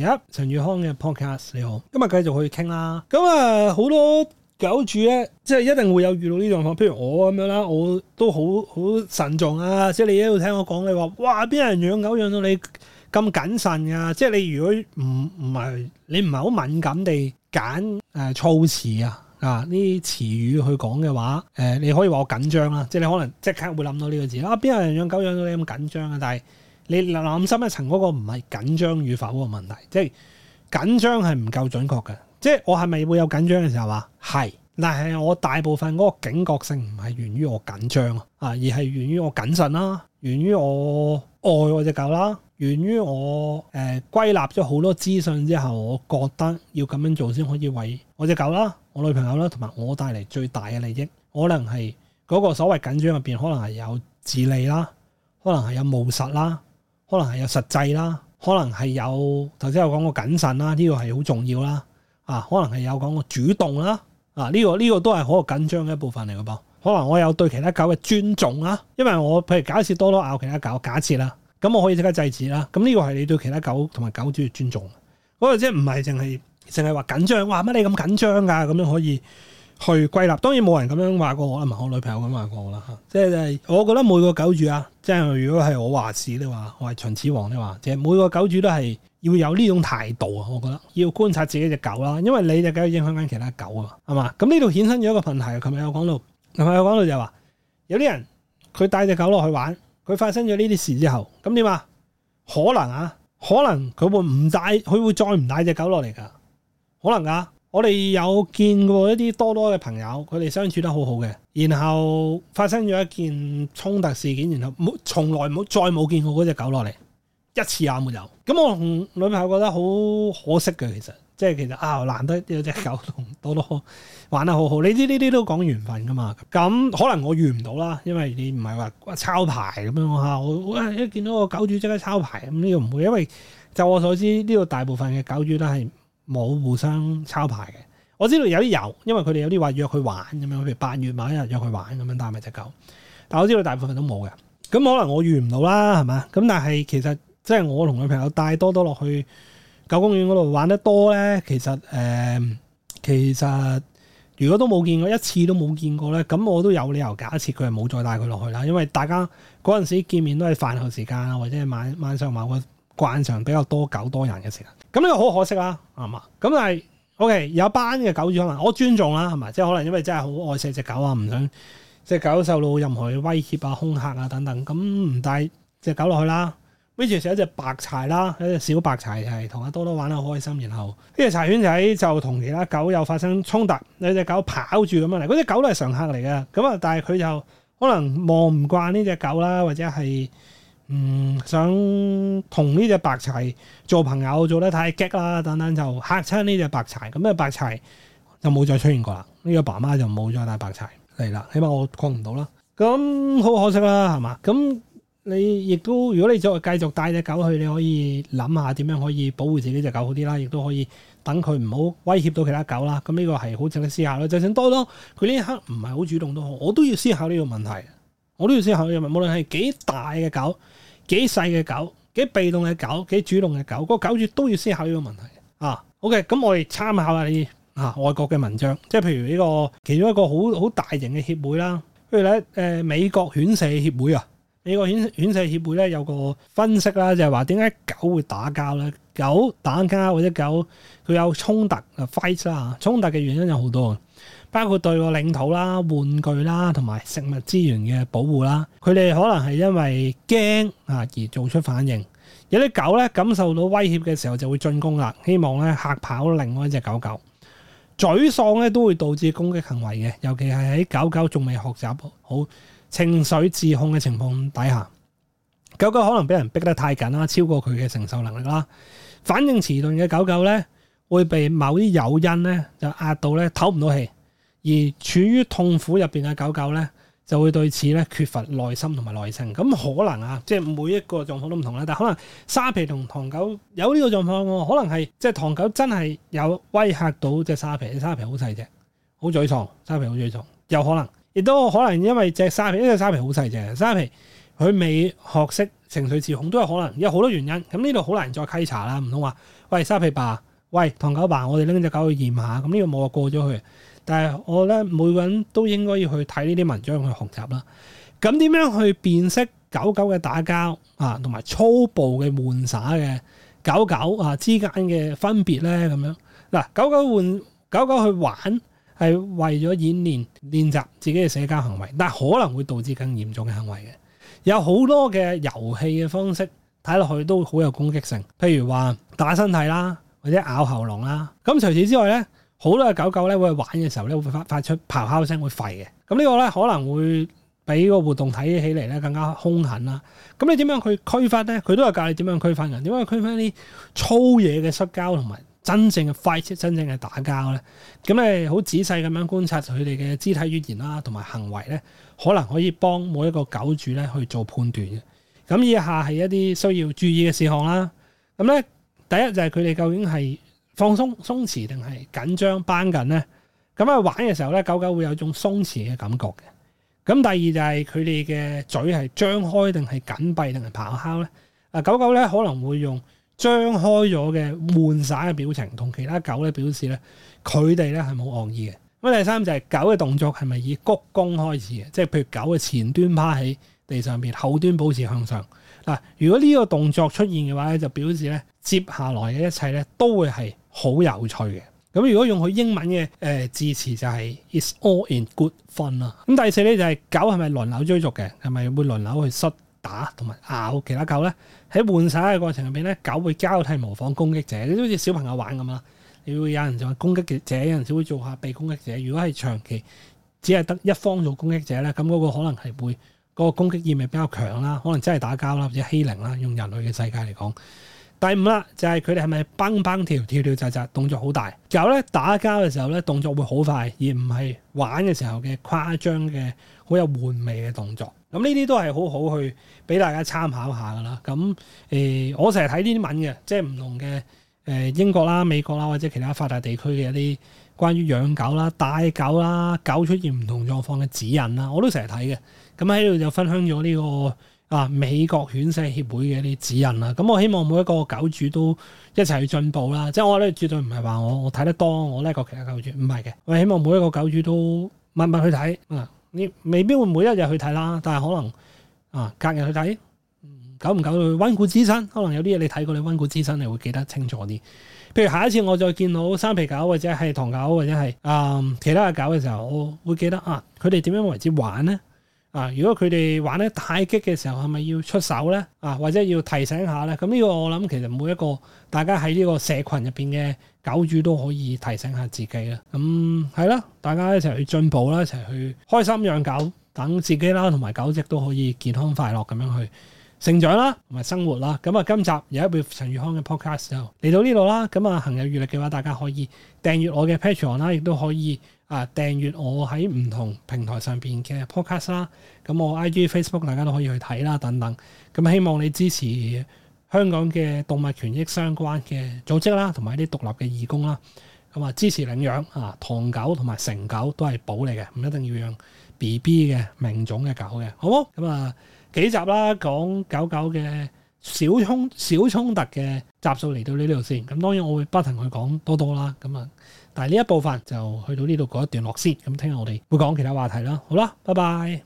一陳宇、yeah, 康嘅 podcast 你好，今日繼續去傾啦。咁啊，好多狗主咧，即係一定會有遇到呢種情況，譬如我咁樣啦，我都好好慎重啊。即係你一路聽我講，你話哇，邊有人養狗養到你咁謹慎啊？」即係你如果唔唔係你唔係好敏感地揀誒措辭啊啊呢啲詞語去講嘅話，誒、呃、你可以話我緊張啊。即係你可能即刻會諗到呢個字啊，邊有人養狗養到你咁緊張啊？但係，你諗深一層嗰個唔係緊張與否嘅問題，即係緊張係唔夠準確嘅。即我係咪會有緊張嘅時候啊？係，但係我大部分嗰個警覺性唔係源於我緊張啊，啊，而係源於我謹慎啦，源於我愛我隻狗啦，源於我、呃、歸納咗好多資訊之後，我覺得要咁樣做先可以為我隻狗啦、我女朋友啦同埋我帶嚟最大嘅利益。可能係嗰個所謂緊張入面，可能係有自利啦，可能係有務實啦。可能係有實際啦，可能係有頭先我講過謹慎啦，呢個係好重要啦，啊，可能係有講過主動啦，啊，呢個呢個都係好緊張嘅一部分嚟嘅噃。可能我有對其他狗嘅尊重啦，因為我譬如假設多多咬其他狗，假設啦，咁我可以即刻制止啦，咁呢個係你對其他狗同埋狗主要尊重的。嗰個即係唔係淨係淨係話緊張，哇乜你咁緊張㗎？咁樣可以。去歸納，當然冇人咁樣話過我啦，唔係我女朋友咁話過我啦，啊。即係我覺得每個狗主啊，即係如果係我話事，你話我係秦始皇話，你話即係每個狗主都係要有呢種態度啊！我覺得要觀察自己隻狗啦，因為你隻狗影響緊其他狗啊，係嘛？咁呢度衍生咗一個問題。琴日有講到，琴日有講到就係、是、話，有啲人佢帶隻狗落去玩，佢發生咗呢啲事之後，咁點啊？可能啊，可能佢會唔帶，佢會再唔帶隻狗落嚟噶，可能噶，啊。我哋有見過一啲多多嘅朋友，佢哋相處得好好嘅，然後發生咗一件衝突事件，然後冇從來冇再冇見過嗰隻狗落嚟，一次也冇有。咁我同女朋友覺得好可惜嘅，其實即係其實啊難得有隻狗同多多玩得好好，你知呢啲都講緣分噶嘛。咁可能我遇唔到啦，因為你唔係話抄牌咁樣我嚇，我一見到個狗主即刻抄牌，咁呢個唔會，因為就我所知呢度大部分嘅狗主都係。冇互相抄牌嘅，我知道有啲有，因為佢哋有啲話約佢玩咁樣，譬如八月某一日約佢玩咁樣帶埋隻狗，但我知道大部分都冇嘅，咁可能我遇唔到啦，係嘛？咁但係其實即係我同女朋友帶多多落去狗公園嗰度玩得多咧，其實誒、呃、其實如果都冇見過一次都冇見過咧，咁我都有理由假設佢係冇再帶佢落去啦，因為大家嗰陣時見面都係飯後時間啊，或者係晚晚上某個慣常比較多狗多人嘅時間。咁呢個好可惜啦，係嘛？咁但係 OK，有一班嘅狗主可能我尊重啦，係嘛？即係可能因為真係好愛錫隻狗啊，唔想隻狗受到任何威脅啊、恐嚇啊等等，咁唔帶隻狗落去啦。跟住就有一隻白柴啦，一隻小白柴係同、就係、阿多多玩得好開心，然後呢隻柴犬仔就同其他狗又發生衝突，兩隻狗跑住咁樣嚟。嗰隻狗都係常客嚟嘅，咁啊，但係佢就可能望唔慣呢隻狗啦，或者係。嗯，想同呢隻白柴做朋友做得太激啦，等等就嚇親呢隻白柴，咁呢白柴就冇再出現過啦。呢個爸媽就冇再帶白柴嚟啦。起碼我控唔到啦，咁好可惜啦，係嘛？咁你亦都，如果你再繼續帶隻狗去，你可以諗下點樣可以保護自己隻狗好啲啦，亦都可以等佢唔好威脅到其他狗啦。咁呢個係好值得思考啦。就算多多佢呢一刻唔係好主動都好，我都要思考呢個問題。我都要思考呢個問題，無論係幾大嘅狗、幾細嘅狗、幾被動嘅狗、幾主動嘅狗，個狗主都要思考呢個問題。啊，OK，咁我哋參考下你啊，外國嘅文章，即係譬如呢、這個其中一個好好大型嘅協會啦，譬如咧、呃、美國犬舍協會啊，美國犬犬舍協會咧有個分析啦，就係話點解狗會打交咧，狗打架或者狗佢有衝突啊 fight 啦，衝突嘅原因有好多。包括對個領土啦、玩具啦、同埋食物資源嘅保護啦，佢哋可能係因為驚啊而做出反應。有啲狗咧感受到威脅嘅時候就會進攻啦，希望咧嚇跑另外一隻狗狗。沮喪咧都會導致攻擊行為嘅，尤其係喺狗狗仲未學習好情緒自控嘅情況底下，狗狗可能俾人逼得太緊啦，超過佢嘅承受能力啦。反應遲鈍嘅狗狗咧，會被某啲誘因咧就壓到咧唞唔到氣。而處於痛苦入面嘅狗狗咧，就會對此咧缺乏耐心同埋耐性。咁可能啊，即係每一個狀況都唔同啦。但可能沙皮同唐狗有呢個狀況喎，可能係即係唐狗真係有威嚇到隻沙皮。沙皮好細隻，好沮喪，沙皮好沮喪，有可能，亦都可能因為隻沙皮，因為沙皮好細隻，沙皮佢未學識情緒自控，都有可能。有好多原因，咁呢度好難再稽查啦。唔通話喂沙皮爸，喂唐狗爸，我哋拎隻狗去驗下，咁呢個冇話過咗去。但係我覺得每個人都應該要去睇呢啲文章去學習啦。咁點樣去辨識狗狗嘅打交啊，同埋粗暴嘅玩耍嘅狗狗啊之間嘅分別呢？咁樣嗱，狗狗玩狗狗去玩係為咗演練練習自己嘅社交行為，但係可能會導致更嚴重嘅行為嘅。有好多嘅遊戲嘅方式睇落去都好有攻擊性，譬如話打身體啦，或者咬喉嚨啦。咁除此之外呢。好多嘅狗狗咧，會去玩嘅時候咧，會發發出咆哮聲，會吠嘅。咁、這、呢個咧，可能會俾個活動睇起嚟咧，更加兇狠啦。咁你點樣去區分咧？佢都有教你點樣區分嘅。點樣區分啲粗野嘅摔跤同埋真正嘅 fight、真正嘅打交咧？咁誒，好仔細咁樣觀察佢哋嘅肢體語言啦，同埋行為咧，可能可以幫每一個狗主咧去做判斷嘅。咁以下係一啲需要注意嘅事項啦。咁咧，第一就係佢哋究竟係。放鬆鬆弛定係緊張繃緊咧？咁啊玩嘅時候咧，狗狗會有一種鬆弛嘅感覺嘅。咁第二就係佢哋嘅嘴係張開定係緊閉定係咆哮咧？啊，狗狗咧可能會用張開咗嘅玩耍嘅表情，同其他狗咧表示咧，佢哋咧係冇惡意嘅。咁第三就係、是、狗嘅動作係咪以鞠躬開始嘅？即係譬如狗嘅前端趴喺地上邊，後端保持向上嗱。如果呢個動作出現嘅話咧，就表示咧接下來嘅一切咧都會係。好有趣嘅，咁如果用佢英文嘅誒、呃、字詞就係 It's all in good fun 啦。咁第四咧就係、是、狗係咪輪流追逐嘅，係咪會輪流去摔打同埋咬其他狗咧？喺玩耍嘅過程入面，咧，狗會交替模仿攻擊者，好似小朋友玩咁啦。你會有人就攻擊者，有陣時會做下被攻擊者。如果係長期只係得一方做攻擊者咧，咁嗰個可能係會嗰、嗰個攻擊意味比較強啦，可能真係打交啦或者欺凌啦。用人類嘅世界嚟講。第五啦，就係佢哋係咪蹦蹦跳跳跳紮紮，動作好大。有咧打交嘅時候咧，動作會好快，而唔係玩嘅時候嘅誇張嘅好有玩味嘅動作。咁呢啲都係好好去俾大家參考一下噶啦。咁、嗯、誒，我成日睇呢啲文嘅，即係唔同嘅誒英國啦、美國啦或者其他發達地區嘅一啲關於養狗啦、帶狗啦、狗出現唔同狀況嘅指引啦，我都成日睇嘅。咁喺度就分享咗呢、這個。啊！美國犬舍協會嘅一啲指引啦，咁我希望每一個狗主都一齊去進步啦。即係我咧絕對唔係話我我睇得多，我叻過其他狗主唔係嘅。我希望每一個狗主都密密去睇啊！你未必會每一日去睇啦，但係可能啊隔日去睇。久唔久去温故知新。可能有啲嘢你睇過，你温故知新，你會記得清楚啲。譬如下一次我再見到沙皮狗或者係唐狗或者係啊其他嘅狗嘅時候，我會記得啊佢哋點樣為之玩呢？啊！如果佢哋玩得太激嘅時候，係咪要出手呢？啊，或者要提醒下呢？咁呢個我諗其實每一個大家喺呢個社群入面嘅狗主都可以提醒下自己啦。咁係啦，大家一齊去進步啦，一齊去開心養狗，等自己啦同埋狗隻都可以健康快樂咁樣去成長啦，同埋生活啦，咁啊，今集有一部陳宇康嘅 podcast 就嚟到呢度啦。咁啊，行有餘力嘅話，大家可以訂閱我嘅 Patreon 啦，亦都可以啊訂閱我喺唔同平台上邊嘅 podcast 啦。咁我 IG、Facebook 大家都可以去睇啦，等等。咁希望你支持香港嘅動物權益相關嘅組織啦，同埋一啲獨立嘅義工啦。咁啊，支持領養啊，唐狗同埋成狗都係寶嚟嘅，唔一定要養 B B 嘅名種嘅狗嘅，好唔好？咁啊～幾集啦，講狗狗嘅小衝小衝突嘅集數嚟到呢度先，咁當然我會不停去講多多啦，咁啊，但係呢一部分就去到呢度嗰一段落先，咁聽日我哋會講其他話題啦，好啦，拜拜。